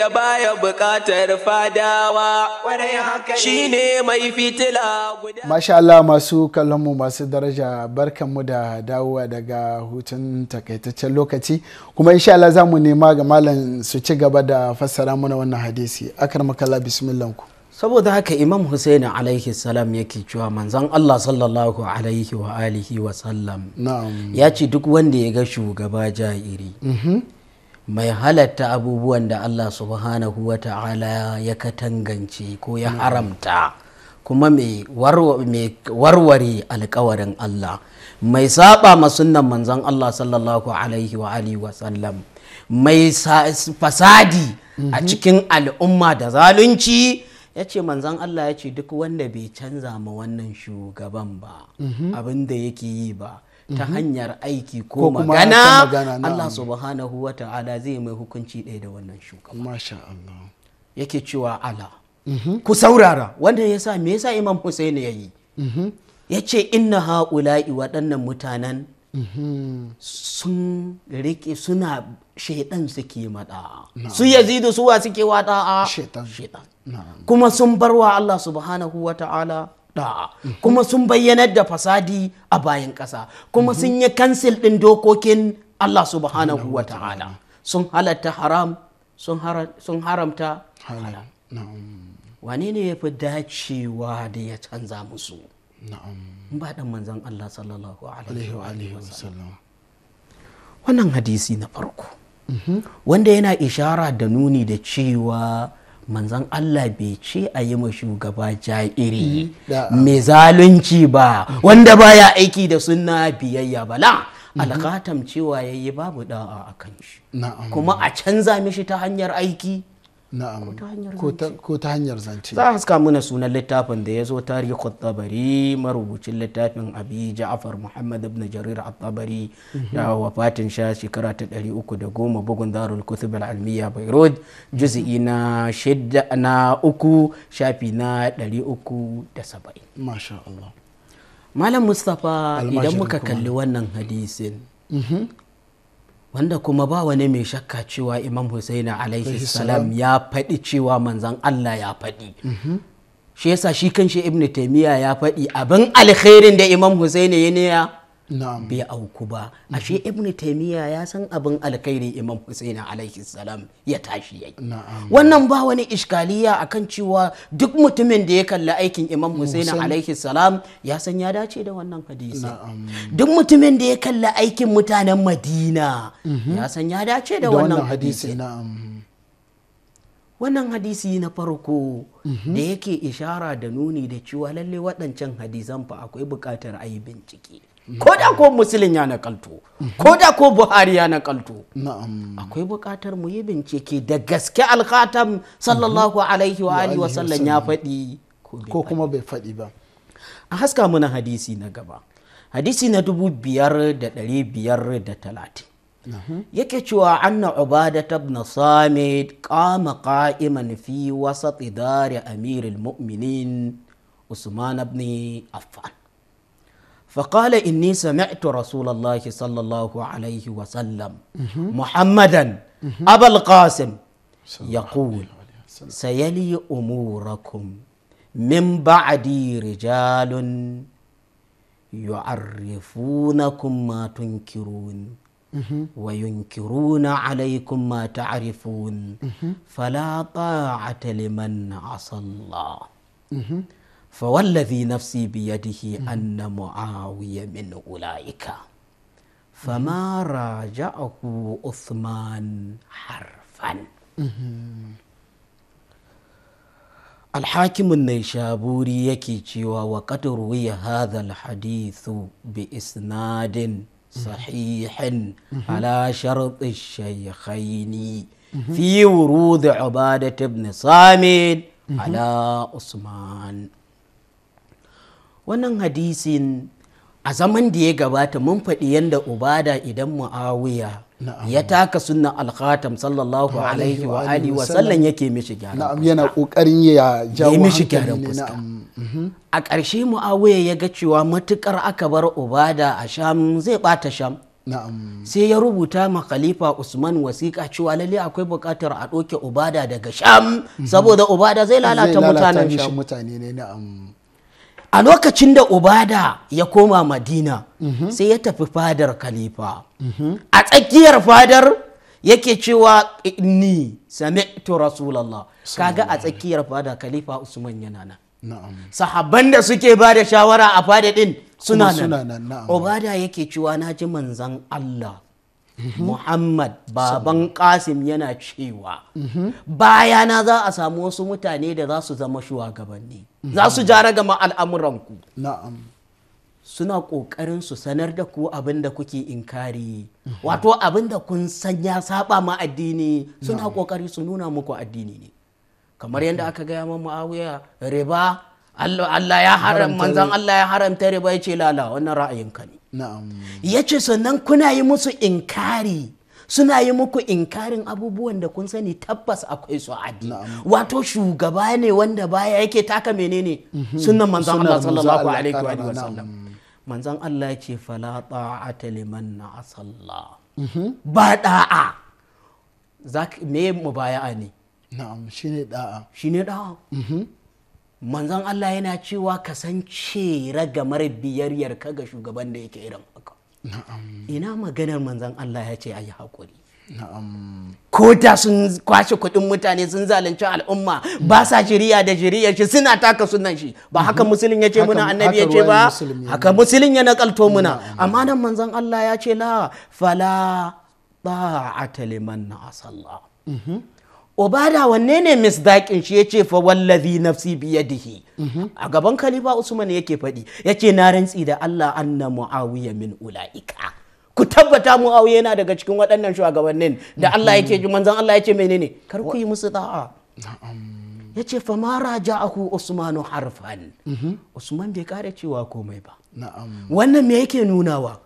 ya baya bukatar fadawa shi ne mai fitila guda. Masha Allah masu kallonmu masu daraja barkanmu da dawowa daga hutun takaitaccen lokaci kuma insha Allah za mu nema ga malam su ci gaba da fassara mana wannan hadisi akar makala bismillanku. saboda haka imam Hussein alaihi salam yake cewa manzon Allah sallallahu alaihi wa alihi wa sallam ya ce duk wanda ya ga shugaba jairi mhm. mai halatta abubuwan da Allah subhanahu wa ta'ala ya katangance ko ya haramta kuma mai warware alkawarin Allah mai saba sunnan manzan Allah sallallahu alaihi wa wa sallam mai fasadi a mhm. cikin al'umma da zalunci ya ce manzan Allah ya ce duk wanda bai canza ma wannan shugaban ba mhm. abin da yake yi ba ta mhm. hanyar aiki ko magana Allah subhanahu wa ta'ala zai mai hukunci ɗaya da wannan shuka masha Allah yake cewa ala mhm. ku saurara wanda ya sa me yasa Imam Hussein ya yi mhm. ya ce inna haula'i waɗannan mutanen sun rike suna shaidan suke mada su yazidu suwa suke wada a kuma sun barwa Allah subhanahu wa ta'ala da'a kuma sun bayyanar da fasadi a bayan ƙasa kuma sun yi kansil ɗin dokokin Allah subhanahu wa ta'ala sun halatta haram sun haramta halal wane ne ya fi dacewa da ya canza musu ba da manzan Allah sallallahu alaihi wa sallam wannan hadisi na farko mhm. wanda yana ishara da nuni da cewa manzan Allah bai ce a yi shugaba ja'iri mai zalunci ba wanda baya aiki da sunna biyayya ba la mhm. alkatam cewa yayi babu da'a a kan shi kuma a canza mishi ta hanyar aiki ko ta hanyar zance za a haska mana sunan littafin da ya zo tarihi tabari marubucin littafin abi ja'afar muhammad ibn jarir at-tabari mhm. da wafatin sha shekara ta 310 bugun darul kutub al-almiya bayrod juz'i na shidda na uku shafi na 370 masha Allah malam mustafa idan muka kalli wannan hadisin mhm. wanda kuma ba wani mai shakka cewa imam husaini alaihi salam ya faɗi cewa manzan allah ya faɗi mhm. shi yasa shi shi ibn taimiyya ya faɗi abin alkhairin da imam husaini ya bai auku ba ashe ibn taymiya ya san abin alkhairi imam husain alaihi salam ya tashi yayi wannan ba wani iskaliya akan cewa duk mutumin da ya kalli aikin imam husain alaihi salam ya san ya dace da wannan hadisi duk mutumin da ya kalli aikin mutanen madina mhm. ya san ya dace da wannan hadisi wannan hadisi na farko mhm. da yake ishara da nuni da cewa lalle waɗancan hadisan fa akwai buƙatar a yi bincike ko da ko musulun ya nakalto ko da ko buhari ya nakalto akwai buƙatar mu yi bincike da gaske alkhatam sallallahu mhm. alaihi wa alihi wasallam ya faɗi ko kuma bai faɗi ba a haska muna hadisi na gaba hadisi na dubu biyar da ɗari biyar da talatin yake cewa anna ubadata ibn samit kama ka'iman fi wasat idari amirul mu'minin usman ibn affan فقال إني سمعت رسول الله صلى الله عليه وسلم محمدا أبا القاسم يقول سيلي أموركم من بعدي رجال يعرفونكم ما تنكرون وينكرون عليكم ما تعرفون فلا طاعة لمن عصى الله فوالذي نفسي بيده أن معاوية من أولئك فما راجعه عثمان حرفا الحاكم النيشابوري يكي جوا وقد روي هذا الحديث بإسناد صحيح على شرط الشيخين في ورود عبادة بن صامد على عثمان wannan hadisin a zaman da ya gabata mun faɗi yadda ubada idan mu'awiya ya taka sunna alkhatam sallallahu alaihi wa alihi wa sallan yake mishi gyaran na'am yana kokarin ya jawo mishi gyaran fuska mhm. a ƙarshe mu'awiya ya ga cewa matukar aka bar ubada a sham zai bata sham sai ya rubuta ma khalifa usman wasiƙa cewa lalle akwai buƙatar a ɗauke ubada daga sham mhm. saboda ubada zai lalata mutanen mutane ne na'am a lokacin da Obada ya koma madina sai ya tafi fadar kalifa. a tsakiyar fadar yake cewa ni sami'tu rasulallah kaga a tsakiyar fadar khalifa usman yana nan sahabban da suke ba da shawara a fadadin suna nan ubada yake cewa na ji manzan allah Muhammad baban Qasim yana cewa bayana za a samu wasu mutane da za su zama shugabanni za su jara gama al'amuranku suna ƙoƙarin su sanar da ku abin da kuke inkari mhm. wato abin da kun san ya saba ma addini suna ƙoƙari su nuna muku addini ne kamar yadda aka gaya mu muawiya riba Allah ya Allah ya haramta riba ya ce lala wannan ra'ayinka ne ya ce sannan kuna yi musu inkari suna yi muku inkarin abubuwan da kun sani tabbas akwai su adi wato shugaba ne wanda baya yake taka menene mhm. sunan Manzan Allah sallallahu alaihi wa sallam Manzan Allah ce fala ta'ata liman na'asalla mhm. ba da'a zaka me mubaya'a ne na'am shine da'a shine da'a mhm. manzon Allah yana cewa kasance ragamar biyayyar ka ga shugaban da yake irin haka ina maganar manzon Allah ya ce ayi hakuri. Na'am. ko da sun kwashe kuɗin mutane sun zalunci al'umma ba sa shiriya da shiriyar shi suna taka sunan shi ba haka mhm. musulun ya ce muna annabi ya ce ba haka musulun ya nakalto muna amma nan manzon Allah ya ce la fala ta'ata liman na asallah mhm. obada wanne ne misdaƙin shi ya ce fa wallazi nafsi biyadihi a gaban khalifa usman yake faɗi ce na rantsi da allah anna muawiya min ula'ika ku tabbata muawiya yana daga cikin waɗannan shugabannin da allah yake ji manzon allah yace menene kar ku yi musu da'a ya ce fa mara ja'ahu Usman harfan usman bai kare cewa komai ba wannan me yake nunawa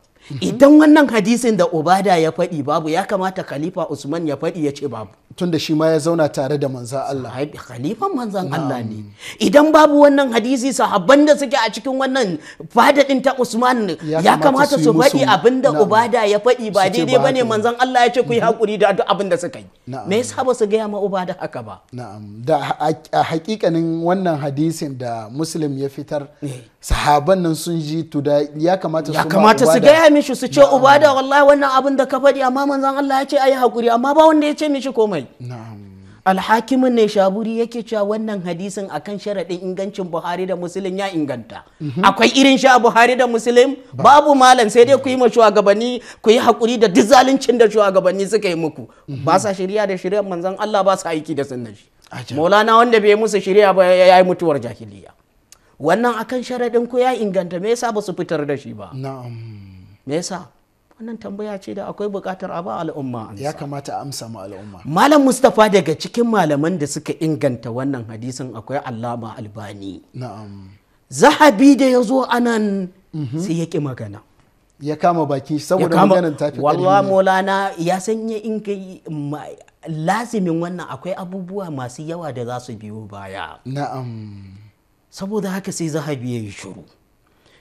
idan wannan hadisin da obada ya faɗi babu ya kamata khalifa usman ya faɗi ya ce babu Tun da shi ma ya zauna tare da manzan Allah khalifan manzan Allah ne idan babu wannan hadisi sahabban da suke a cikin wannan fadadin ta Usman ya kamata su faɗi abin da Ubada ya faɗi ba daidai bane manzan Allah ya ce ku yi mhm. hakuri da duk abin da suka yi me yasa ba su gaya ma Ubada haka ba na'am da a hakikanin wannan hadisin da Muslim ya fitar eh. sahaban nan sun ji to da ya kamata su ya kamata su gaya mishi su ce Ubada wallahi wannan abin da ka faɗi amma manzan Allah ya ce ayi hakuri amma ba wanda ya ce mishi komai kai alhakimin ne shaburi yake cewa wannan hadisin akan sharaɗin ingancin buhari da musulun ya inganta mhm. akwai irin sha buhari da musulun babu malam sai dai ku yi ma shugabanni ku yi haƙuri da duk zaluncin da shugabanni suka yi muku mhm. ba sa shirya da shiryar manzan Allah ba sa aiki da sunan shi maulana wanda bai musu shirya ba ya yi mutuwar jahiliya wannan akan sharaɗin ku ya inganta me yasa ba su fitar da shi ba me yasa wannan tambaya ce da akwai bukatar a ba al'umma ya kamata a amsa ma al'umma malam mustapha daga cikin malaman da suka inganta wannan hadisin akwai allama albani na'am zahabi da ya zo anan mhm. sai ya ƙi magana ya kama baki saboda maganar tafi wallah molana ya sanya in yi. lazimin wannan akwai abubuwa masu yawa da za su biyo baya na'am saboda haka sai zahabi ya yi shuru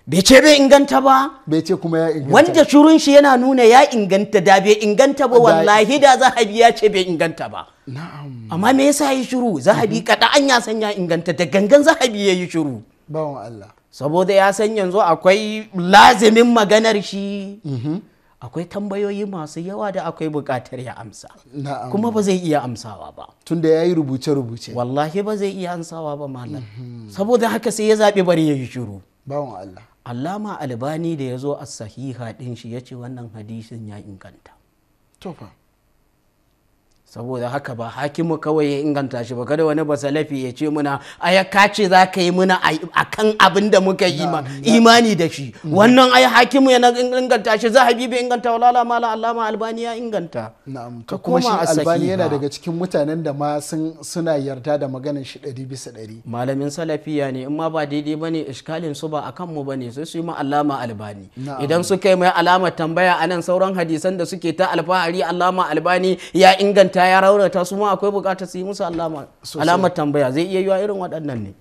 bai ce bai inganta ba bai ce kuma ya inganta wanda shurun shi yana nuna ya inganta da bai inganta ba wallahi da zahabi ya ce bai inganta ba na'am amma me yasa yi shiru zahabi mhm. kada an ya san ya inganta da gangan zahabi ya yi shiru bawan Allah saboda ya san yanzu akwai lazimin maganar shi mhm. akwai tambayoyi masu yawa da akwai bukatar ya amsa kuma ba zai iya amsawa ba tunda ya yi rubuce-rubuce wallahi ba zai iya amsawa ba malam mhm. saboda haka sai ya zaɓi bari ya yi shiru bawan Allah allama albani da ya zo a sahiha ɗin shi ya ce wannan hadisin ya inganta saboda haka ba hakimu kawai ya inganta shi ba kada wani basalafi ya ce muna aya kace za ka yi muna a kan abin da muka yi ma imani da shi mm-hmm. wannan ai hakimu ya inganta shi za habibi inganta lala mala allama albani ya inganta ka kuma shi albani yana daga cikin mutanen da ma suna yarda da maganin shi ɗari bisa ɗari malamin salafiya ne in ma ba daidai ne iskalin su ba a kan mu ne sai su yi ma allama albani idan suka yi mai alamar tambaya anan sauran hadisan da suke ta alfahari allama albani ya inganta riga ya raunata su ma akwai bukatar su yi musu alamar tambaya zai iya yiwa irin waɗannan ne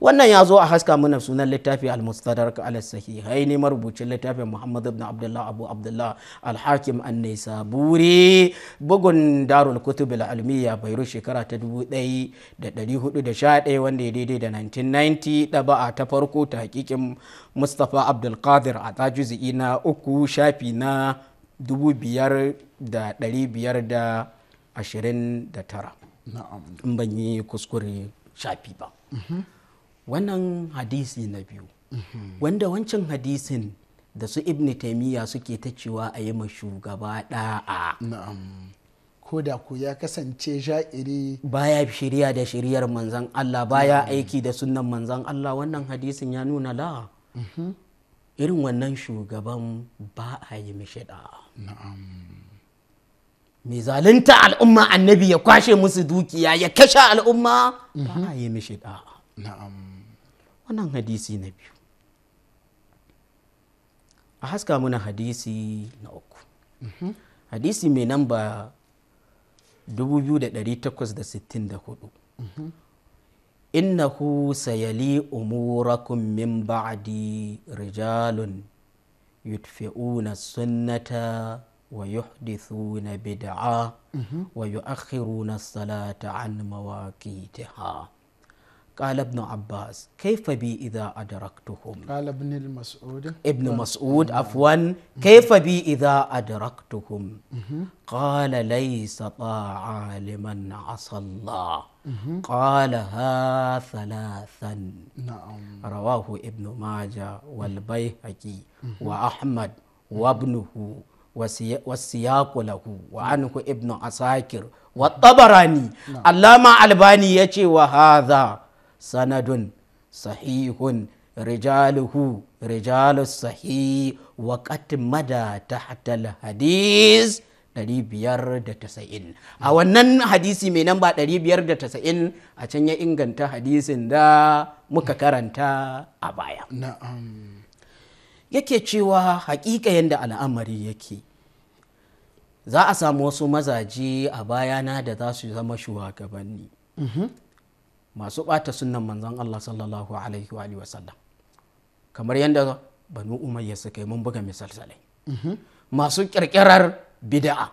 wannan ya zo a haska mana sunan littafi al-mustadrak al-sahihai ne marubucin littafin muhammad ibn abdullah abu abdullah al-hakim an-naisaburi bugun darul kutub al-almiya bairu shekara ta 1411 wanda ya daidai da 1990 ɗaba'a ta farko ta hakikin mustapha abdulkadir a tajuzi'i na uku shafi na dubu biyar biyar da da. 29 in ban yi kuskure shafi ba mhm. wannan hadisi na biyu mhm. wanda wancan hadisin da su ibn taimiyya suke ta cewa a yi shugaba da'a ko da ku ya kasance sha'iri baya shirya da shiryar manzan Allah baya aiki da sunan manzan Allah wannan hadisin ya nuna la mhm. irin wannan shugaban ba a yi mishi da mai zalunta al'umma annabi ya kwashe musu dukiya ya kashe al'umma ba a yi mishi da'a wannan hadisi na biyu a haska muna hadisi na uku mhm. hadisi mai ba 2864 mhm. innahu sayali umurakum min ba'di rijalun yudfi'una sunnata ويحدثون بدعا ويؤخرون الصلاة عن مواقيتها قال ابن عباس كيف بي إذا أدركتهم قال ابن المسعود ابن مسعود نعم. عفوا كيف بي إذا أدركتهم قال ليس طاعة لمن عصى الله قالها ثلاثا نعم. رواه ابن ماجه والبيهقي وأحمد وابنه wasiyaku lahu wa anhu ibnu asakir wa tabarani allama albani ya ce wa hadha sanadun sahihun rijaluhu rijalu sahih wa qad mada tahta al hadis 590 a wannan hadisi mai namba 590 a can ya inganta hadisin da muka karanta a baya yake cewa haƙiƙa yadda al'amari yake za a samu wasu mazaje a bayana da za su zama shugabanni mhm. masu ɓata sunan manzon Allah sallallahu alaihi wa sallam kamar yadda banu umayya suka yi mun buga misalsalai mhm. masu kirkirar bida'a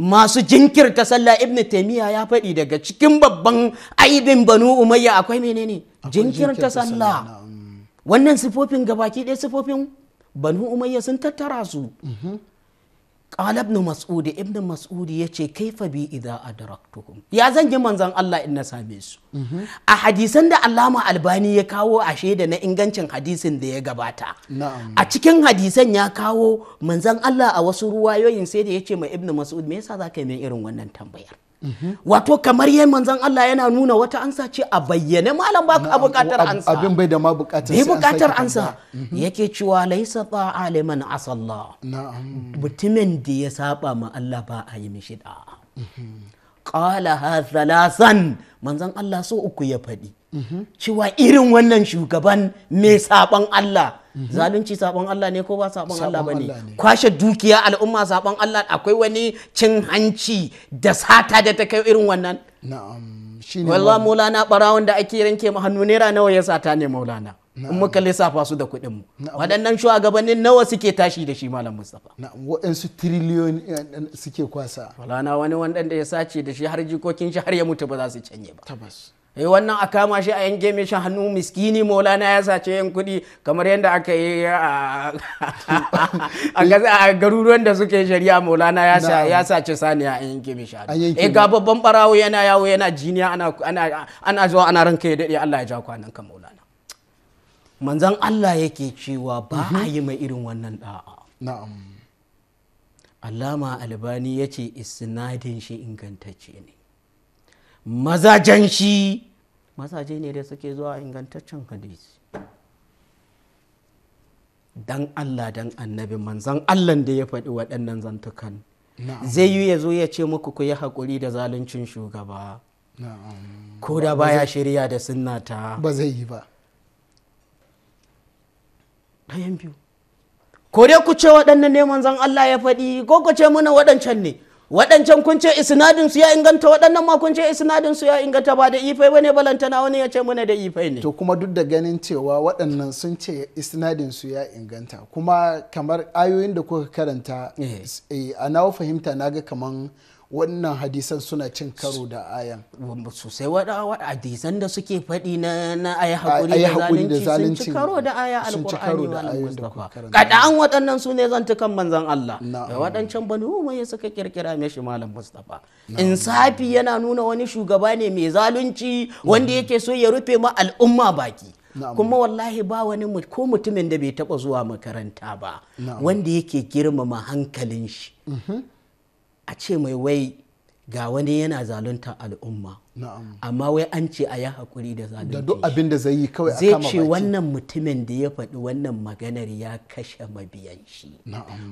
masu jinkirta sallah ibn taimiyya ya faɗi daga cikin babban aibin banu umayya akwai menene jinkirta sallah mm. wannan sifofin gabaki ɗaya sifofin banu umayya sun tattara su qalab ibn mas'ud ibn mas'ud yace kaifa bi idza adraktukum ya zan yi manzon Allah in na same su a hadisan da Allama Albani ya kawo a shaida na ingancin hadisin da ya gabata a cikin hadisan ya kawo manzon Allah a wasu ruwayoyin sai da yace ma ibn mas'ud me yasa zaka yi min irin wannan tambayar wato kamar yayin manzon Allah yana nuna wata ansa ce a bayyane malam ba a bukatar ansa abin bai da ma bukatar sai bukatar ansa mm-hmm. yake cewa laisa ta asala asalla mutumin da ya saba ma Allah ba a yi mishi da mm-hmm. qala ha thalasan manzon Allah so uku ya faɗi cewa irin wannan shugaban mai saban Allah zalunci saban Allah ne ko ba saban Allah ba ne kwashe dukiya al'umma saban Allah akwai wani cin hanci da sata da ta kai irin wannan na'am maulana barawon da ake ranke mu hannu naira nawa ya sata ne maulana in muka lissafa su da kuɗin mu waɗannan shugabannin nawa suke tashi da shi malam mustafa waɗansu tiriliyon eh, eh, suke kwasa walana wani wanda ya sace da shi har jikokin shi har ya mutu ba za su canye ba tabbas eh wannan a kama shi a yanke mishi hannu miskini maulana ya sace yan kudi kamar yadda aka yi a garuruwan da suke shari'a maulana ya sace saniya a yanke mishi hannu eh ga babban barawo yana yawo yana jiniya ana zuwa ana ranka ya daɗe Allah ya ja kwanan ka maulana manzan Allah yake cewa ba a mhm. yi mai irin wannan da'a na'am Allama Albani yace ce isnadin shi ingantacce ne mazajen shi mazaje ne da suke zuwa ingantaccen hadisi dan Allah dan annabi manzan Allah da ya faɗi waɗannan zantukan zai yi ya zo ya ce muku ku yi haƙuri da zaluncin shugaba ko da baya shirya da sunnata ba zai yi ba ɗayan biyu ko dai ku ce waɗannan ne manzan Allah ya faɗi ko ku ce muna waɗancan ne waɗancan kun ce isnadin ya inganta waɗannan ma kun ce isnadin ya inganta ba da ifai wani balantana wani ya ce mune da ifai ne to kuma duk da ganin cewa waɗannan sun ce isnadin su ya inganta kuma kamar ayoyin da kuka karanta eh. Eh, a nawa fahimta naga kamar wannan hadisan suna cin karo da ayan sosai waɗa hadisan da suke faɗi na ayi hakuri da zalunci sun ci karo da aya alqur'ani wa mustafa kadan waɗannan su ne kan manzan Allah da waɗancan bani mai suka kirkira shi malam mustafa insafi yana nuna wani shugaba ne mai zalunci wanda yake so ya rufe ma al'umma baki kuma wallahi ba wani ko mutumin da bai taba zuwa makaranta ba wanda yake girmama hankalin shi mm-hmm. a ce mai wai ga wani yana zalunta al'umma amma wai an ce a yi hakuri da zalunci da duk abin zai yi kawai a zai ce wannan mutumin da ya faɗi wannan maganar ya kashe mabiyan shi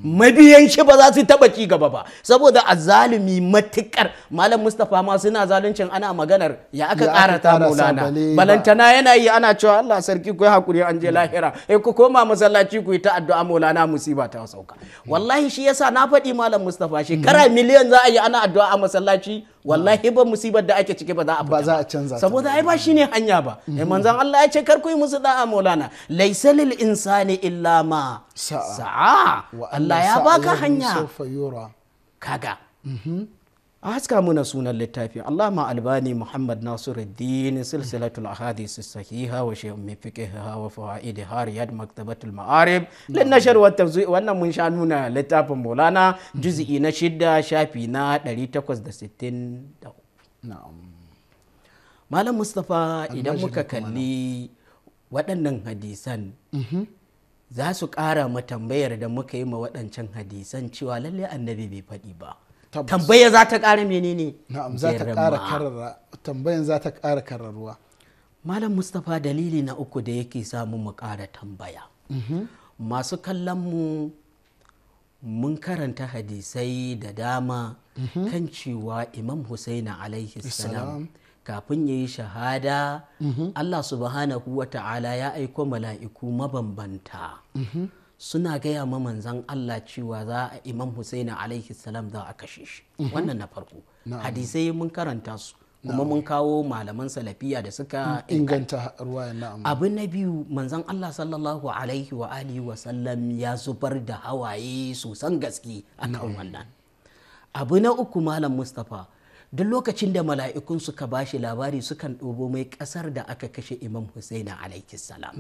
mabiyan shi ba za su taba ci gaba ba saboda a zalumi matukar malam mustafa ma suna zaluncin ana maganar ya aka ƙara ta mulana balantana yana yi ana cewa Allah sarki ku yi hakuri an je mm. lahira eh ku koma masallaci ku yi ta addu'a mulana musiba ta sauka mm. wallahi shi yasa na faɗi malam mustafa mm. shekara miliyan za a yi ana addu'a a masallaci wallahi ba musibar da ake ciki ba za a ba za a canza saboda ai ba shine hanya ba eh manzon Allah ya ce kar ku yi musu da'a maulana laysa lil insani illa ma sa'a Allah ya baka hanya kaga mhm. a haska muna sunan littafi allama albani muhammad nasiruddin silsilatul ahadith sahiha wa shay'un min fiqhiha wa fawaid yad maktabatul ma'arib lin nashr wa tawzi wannan mun sha nuna littafin maulana juz'i na shidda shafi na 863 malam mustafa idan muka kalli waɗannan hadisan mhm. za su ƙara mu tambayar da muka yi ma waɗancan hadisan cewa lallai annabi bai faɗi ba tambaya za ta ƙara menene na'am za za ta ƙara malam mustapha dalili na uku da yake samu mu ƙara tambaya mm-hmm. masu kallon mu mun karanta hadisai da dama mm-hmm. kan cewa imam husaina alaihi salam kafin ya yi shahada mm-hmm. allah subhanahu wa ta'ala ya aiko mala'iku mabambanta suna gaya ma manzan Allah cewa za a imam Hussein alaihi salam za a kashe shi mhm. wannan na farko hadisai mun karanta su kuma mun kawo malaman salafiya da suka inganta ruwayan na'am abu na biyu manzan Allah sallallahu alaihi wa alihi wa sallam ya zubar da hawaye sosan gaske akan wannan abu na uku malam Mustapha duk lokacin da mala'ikun suka bashi labari sukan ɗobo mai ƙasar da aka kashe imam husaina alaihi salam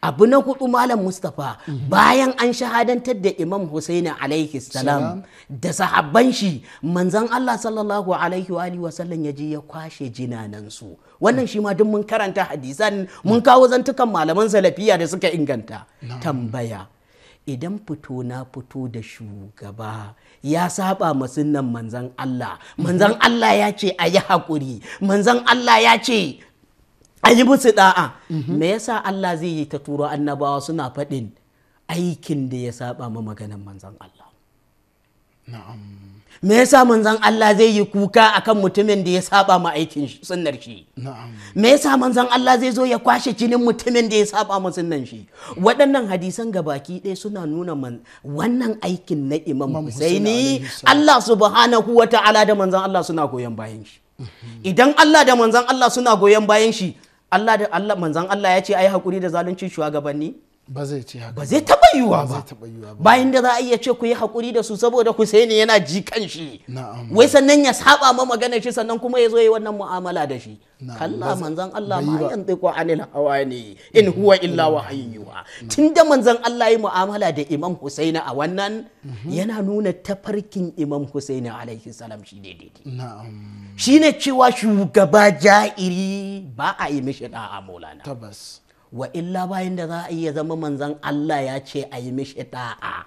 abu na hudu malam mustapha mhm. bayan an shahadantar da imam husaina alaihi salam da sahabban shi manzan allah sallallahu alaihi wa alihi ya je ya kwashe jinanansu. wannan shi ma duk mun karanta hadisan mun kawo zantukan malaman salafiya da suka inganta tambaya idan fito na fito da shugaba ya saba sunan manzan Allah manzan Allah ya ce a yi haƙuri manzan Allah ya ce a yi musu da'a mhm. me yasa Allah zai yi ta turo annabawa suna faɗin aikin da ya saba ma maganin manzan Allah me yasa manzan Allah zai yi kuka akan mutumin da ya saba ma aikin sunnar shi me yasa manzan Allah zai zo ya kwashe jinin mutumin da ya saba ma sunnan shi waɗannan hadisan gabaki ɗaya suna nuna man wannan aikin na Imam Husaini Allah subhanahu wa ta'ala da manzon Allah suna goyon bayan shi mhm. idan Allah da manzon Allah suna goyon bayan shi Allah da Allah manzon Allah ya ce ai hakuri da zalunci shugabanni ba zai ce haka ba yiwa ba bayan da za a iya ce ku yi hakuri da su saboda Husaini yana ji kan shi wai sannan ya saba ma magana shi sannan kuma ya zo yi wannan mu'amala da shi kalla manzon Allah ma yan tsiko anil hawa ne in huwa illa wahayyuha tunda manzon Allah yi mu'amala da Imam Husaini a wannan mhm. yana nuna tafarkin Imam Husaini alaihi salam shi daidai shine cewa shugaba ja'iri ba a yi mishi da'a maulana tabbas wa illa bayan da za a iya zama manzan Allah ya ce a yi mishi da'a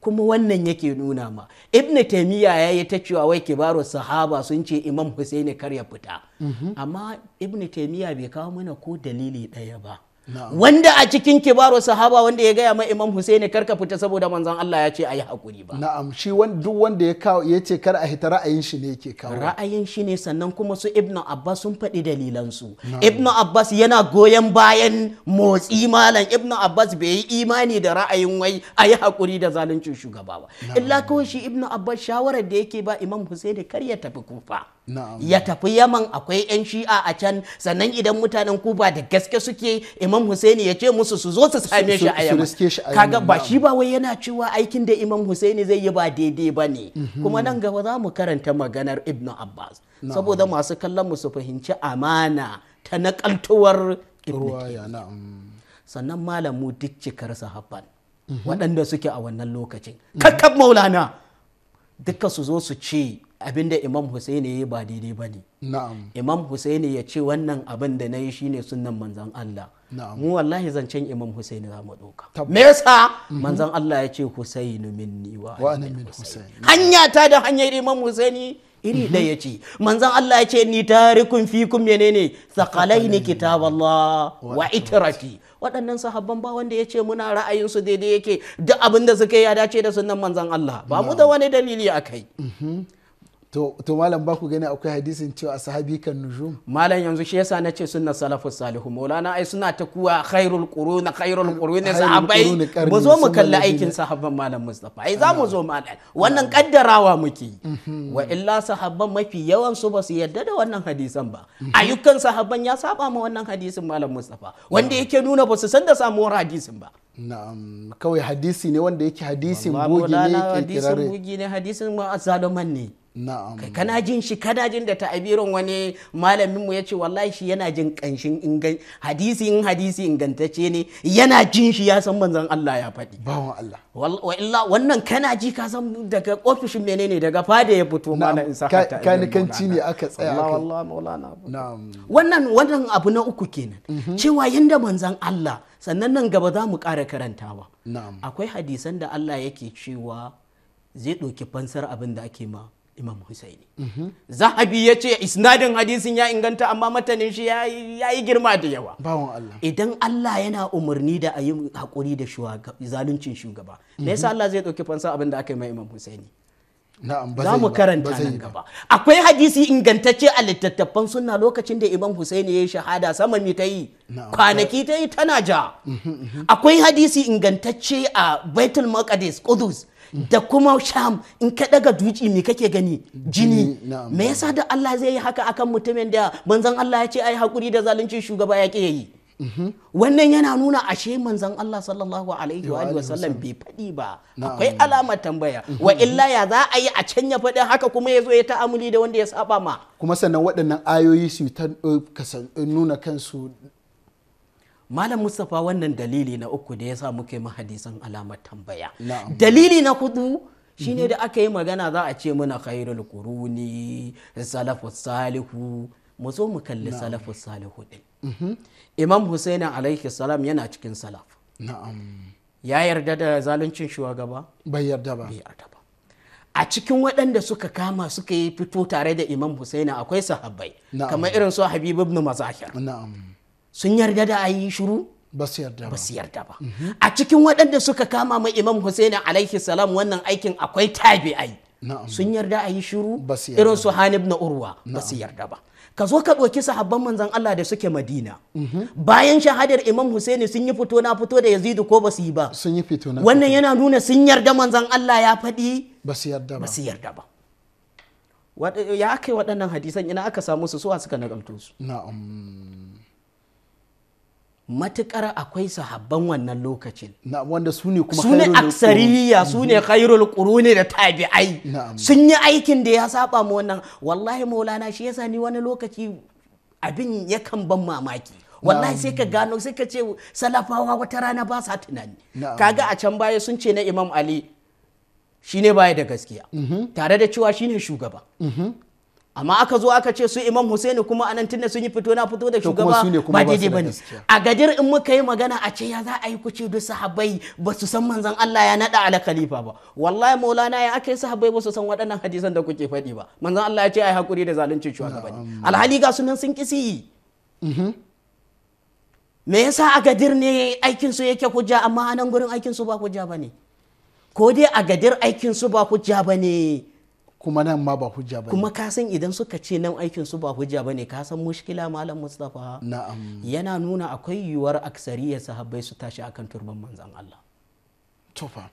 kuma wannan yake nuna ma ibn taimiyya ya yi ta cewa wai kibaru sahaba sun ce imam Hussaini kar ya fita amma ibn taimiyya bai kawo mana ko dalili ɗaya ba wanda a cikin kibaru sahaba wanda ya gaya ma imam husaini karka fita saboda manzan Allah ya ce a yi hakuri ba na'am shi duk wanda ya kawo ya ce kar a hita ra'ayin shi ne yake kawo ra'ayin shi ne sannan kuma su ibnu abbas sun faɗi dalilan su ibnu abbas yana goyon bayan motsi malam ibnu abbas bai yi imani da ra'ayin wai a yi hakuri da zaluncin shugaba ba illa kawai shi ibnu abbas shawarar da yake ba imam husaini kar ya tafi kufa ya tafi yaman akwai 'yan shi'a a can sannan idan mutanen kuba da gaske suke imam husaini ya ce musu su zo su same shi a yaman kaga ba shi ba wai yana cewa aikin da imam husaini zai yi ba daidai ba ne mhm. kuma nan gaba za mu karanta maganar ibnu abbas saboda masu kallon mu su fahimci amana ta nakaltuwar sannan malamu duk cikar sahabban mhm. waɗanda suke a wannan lokacin kakkab maulana duka su zo su ce abinda imam husaini ya yi ba daidai ba ne imam husaini ya ce wannan abin da na yi shine sunan manzan allah mu wallahi zancen imam husaini za mu ɗauka me yasa mhm. manzan allah ya ce husainu minni wa husaini hanya ta da hanyar imam husaini iri da mhm. ya ce manzan Allah ya ce ni tarikun fikun menene sakalai ni kitab wa itirati waɗannan sahabban ba wanda ya ce muna ra'ayinsu daidai yake duk abin da suka yi ya dace da sunan manzan Allah ba mu da wani dalili a kai mhm. to, malam ba ku gani akwai hadisin cewa sahabi kan nujum malam yanzu shi yasa nace sunna salafus salihu maulana ai suna ta kuwa khairul qurun khairul qurun sahabai mu zo mu kalli aikin sahabban malam mustafa ai za mu zo mu wannan kaddarawa muke mhm. wa illa sahabban mafi yawan su ba su yarda da wannan hadisan ba ayyukan sahabban ya saba ma wannan hadisin malam mustafa wanda yake nuna ba su san da samuwar hadisin ba na'am kawai hadisi ne wanda yake hadisin bugi ne kirare hadisin bugi ne hadisin ma azaluman ne kai kana jin shi kana jin da ta'abirin wani malamin mu yace wallahi shi yana jin kanshin ingan hadisi in hadisi ingantacce ne yana jin shi ya san manzon Allah ya faɗi bawan Allah wa illa wannan kana ji ka san daga ofishin menene daga fada ya fito mana in saka ta kanikanci ne aka tsaya Allah wallahi maulana wannan wannan abu na uku kenan mhm. cewa yanda manzon Allah sannan nan gaba za mu ƙara karantawa akwai hadisan da Allah yake cewa zai ɗauki fansar abin da ake ma imam husaini mhm. zahabi ya ce isnadin hadisin ya inganta amma matanin shi ya yi girma da yawa idan allah yana umarni da a yi haƙuri da zaluncin shugaba me mhm. yasa allah zai ɗauki fansa abin da aka yi ma imam husaini za mu karanta nan gaba akwai hadisi ingantacce a littattafan suna lokacin da imam husaini ya yi shahada sama mi ta yi kwanaki ta yi tana ja mhm, akwai hadisi ingantacce a baitul maqdis qudus da kuma sham in ka daga duci me kake gani jini me yasa da Allah zai yi haka akan mutumin da manzon Allah ya ce ai hakuri da zalunci shugaba ya ke yi mhm. wannan yana nuna ashe manzon Allah sallallahu alaihi wa sallam bai fadi ba akwai alamar tambaya mhm. wa illa ya za a yi a can ya faɗi haka kuma ya zo ya ta'amuli da wanda ya saba ma kuma sannan waɗannan ayoyi su ta uh, uh, nuna kansu Malam Mustapha wannan dalili na uku da ya sa muke ma hadisan alamar tambaya. Dalili na hudu shine da aka yi magana za a ce muna khairul quruni salafus salihu mu zo mu kalli salafus salihu din. Mhm. Imam Hussein alaihi salam yana cikin salaf. Ya yarda da zaluncin shugaba? Bai yarda ba. yarda ba. a cikin waɗanda suka kama suka yi fito tare da imam husaina akwai sahabbai kamar irin su habibu ibn mazahir sun yarda da a yi shuru ba su yarda ba a cikin waɗanda suka kama ma imam Hussein alaihi salam wannan aikin akwai ai sun yarda a yi shuru irin su hanib na urwa ba su yarda ba ka zo ka ɗauki sahabban manzan Allah da suke madina mhm. bayan shahadar imam Husaini sun yi fito na fito da yazidu ko ba su yi ba sun yi fito na wannan yana nuna sun yarda manzan Allah ya faɗi ba su yarda ba su yarda ba ya kai waɗannan hadisan ina aka samu su suwa suka nagamto su na'am matukar akwai sahabban wannan lokacin na wanda su ne kuma su ne aksariya su ne khairul quruni da tabi'ai sun yi aikin da ya saba mu wannan wallahi maulana shi yasa ni wani lokaci abin yakan ban mamaki wallahi sai ka gano sai ka ce salafawa wata rana ba sa tunani kaga a can baya sun ce na imam ali shine baya da gaskiya mhm. tare da cewa shine shugaba mhm. amma aka zo aka ce su imam husaini kuma anan tunda sun yi fito na fito da shugaba ba daidai bane a gadir in muka yi magana a ce ya za a yi kuce duk sahabbai ba su san manzon Allah ya nada ala khalifa ba wallahi maulana ya aka yi sahabbai ba su san waɗannan hadisan da kuke faɗi ba manzon Allah ya ce ai hakuri da zalunci shugabanni alhali ga sunan sun kisi mhm. me yasa a gadir ne aikin su yake hujja amma anan gurin aikin su ba hujja bane ko dai a gadir aikin su ba hujja bane kuma nan ma ba hujja bane kuma ka idan suka ce nan aikin su ba hujja bane ne kasan mushkila malam mustafa na'am yana nuna akwai yiwuwar aksariya sahabbai su tashi akan turban manzan Allah tofa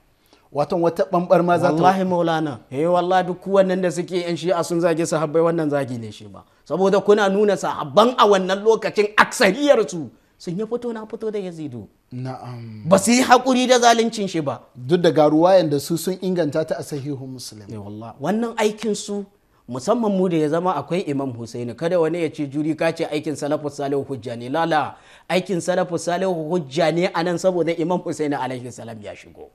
watan wata bambar ma za ta wallahi maulana eh wallahi duk wannan da suke yan a sun zage sahabbai wannan zagi ne shi ba saboda kuna nuna sahabban a wannan lokacin aksariyar su sun yi fito na fito da yazidu ba su yi haƙuri da zaluncin shi ba duk da garuwa yadda su sun inganta ta a sahihun musulmi eh, wannan aikin su musamman mu da ya zama akwai imam husaini kada wani ya ce juri ka ce aikin salafus salihu hujja ne lala aikin salafus salihu hujja ne a nan saboda imam husaini alaihi salam ya shigo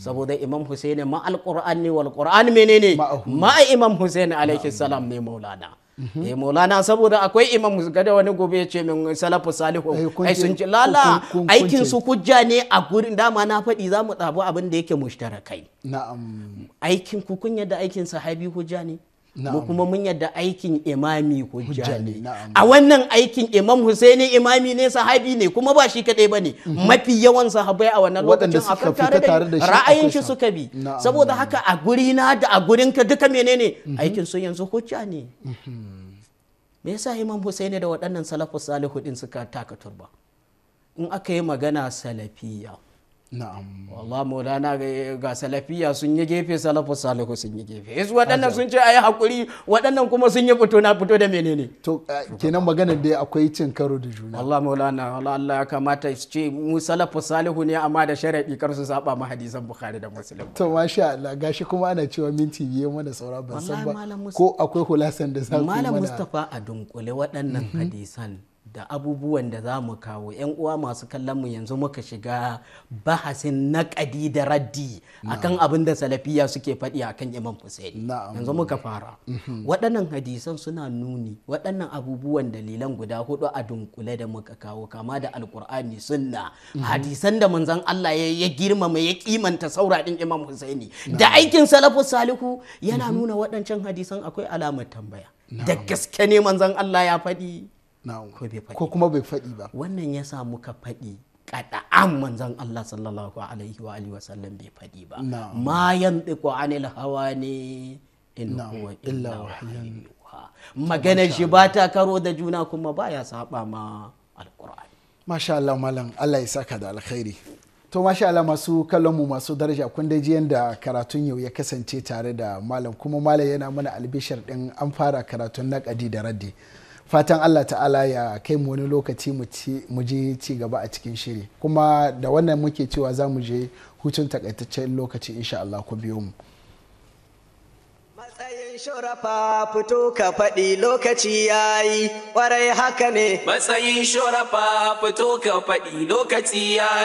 saboda imam husaini ma alƙur'ani wal quran menene ma imam husaini alaihi salam ne maulana eh maulana saboda akwai imam gada wani gobe ya ce min salafu salihu eh, ai sun ci lala aikin su hujja ne a gurin dama na faɗi zamu mu ɗabu abin da yake mushtarakai na'am aikin kukunya da aikin sahabi hujja ne mu kuma mun yadda aikin imami hujja ne a wannan aikin imam husaini imami ne sahabi ne kuma ba shi kadai bane mhm. mafi yawan sahabai a wannan lokacin akan tare da ra'ayin shi suka bi saboda haka a guri na da a gurin ka duka menene mhm. aikin sun yanzu hujja ne mhm. me yasa imam husaini da waɗannan salafus salihu din suka taka turba in aka yi magana salafiyya na'am wallah ga salafiya sun yi gefe salafu salihu sun yi gefe yanzu waɗannan sun ce ayi hakuri waɗannan kuma sun yi fito na fito da menene to kenan maganar dai akwai cin karo da juna wallah maulana Allah ya kamata su ce mu salafu salihu ne amma da sharadi kar su saba mu hadisan bukhari da muslim to masha Allah gashi kuma ana cewa minti biyu mana saura ban san ba ko akwai hulasan da za ku malam mustafa a dunkule waɗannan mhm. hadisan da abubuwan da za mu kawo 'yan uwa masu kallon mu yanzu muka shiga bahasin naƙadi da raddi akan abin da salafiya suke faɗi akan imam Hussein yanzu muka fara mhm. waɗannan hadisan suna nuni waɗannan abubuwan dalilan guda hudu a dunkule da muka kawo kama da alkur'ani sunna mhm. hadisan da manzon Allah ya girmama ya kimanta sauraɗin imam Husaini da aikin salafus salihu yana mhm. nuna waɗancan hadisan akwai alamar tambaya da gaske ne manzon Allah ya faɗi ko bai faɗi ko kuma bai faɗi ba wannan ya sa muka faɗi kada'an manzan Allah sallallahu alaihi wa alihi wasallam bai faɗi ba ma yantiqu anil hawa ne in huwa illa wahyin magana shi ba ta karo da juna kuma ba ya saba ma alqur'ani masha Allah malam Allah ya saka da alkhairi to masha Allah masu kallon mu masu daraja kun dai ji yanda karatun yau ya kasance tare da malam kuma malam yana mana albishar din an fara karatun naƙadi da raddi fatan allah ta'ala ya kai mu wani lokaci mu je ci gaba a cikin shiri kuma da wannan muke cewa za mu je hutun takaitaccen lokaci insha allah ku biyo mu matsayin shorafa fito ka faɗi lokaci yayi ƙwarai haka ne matsayin shorafa fito ka faɗi lokaci yayi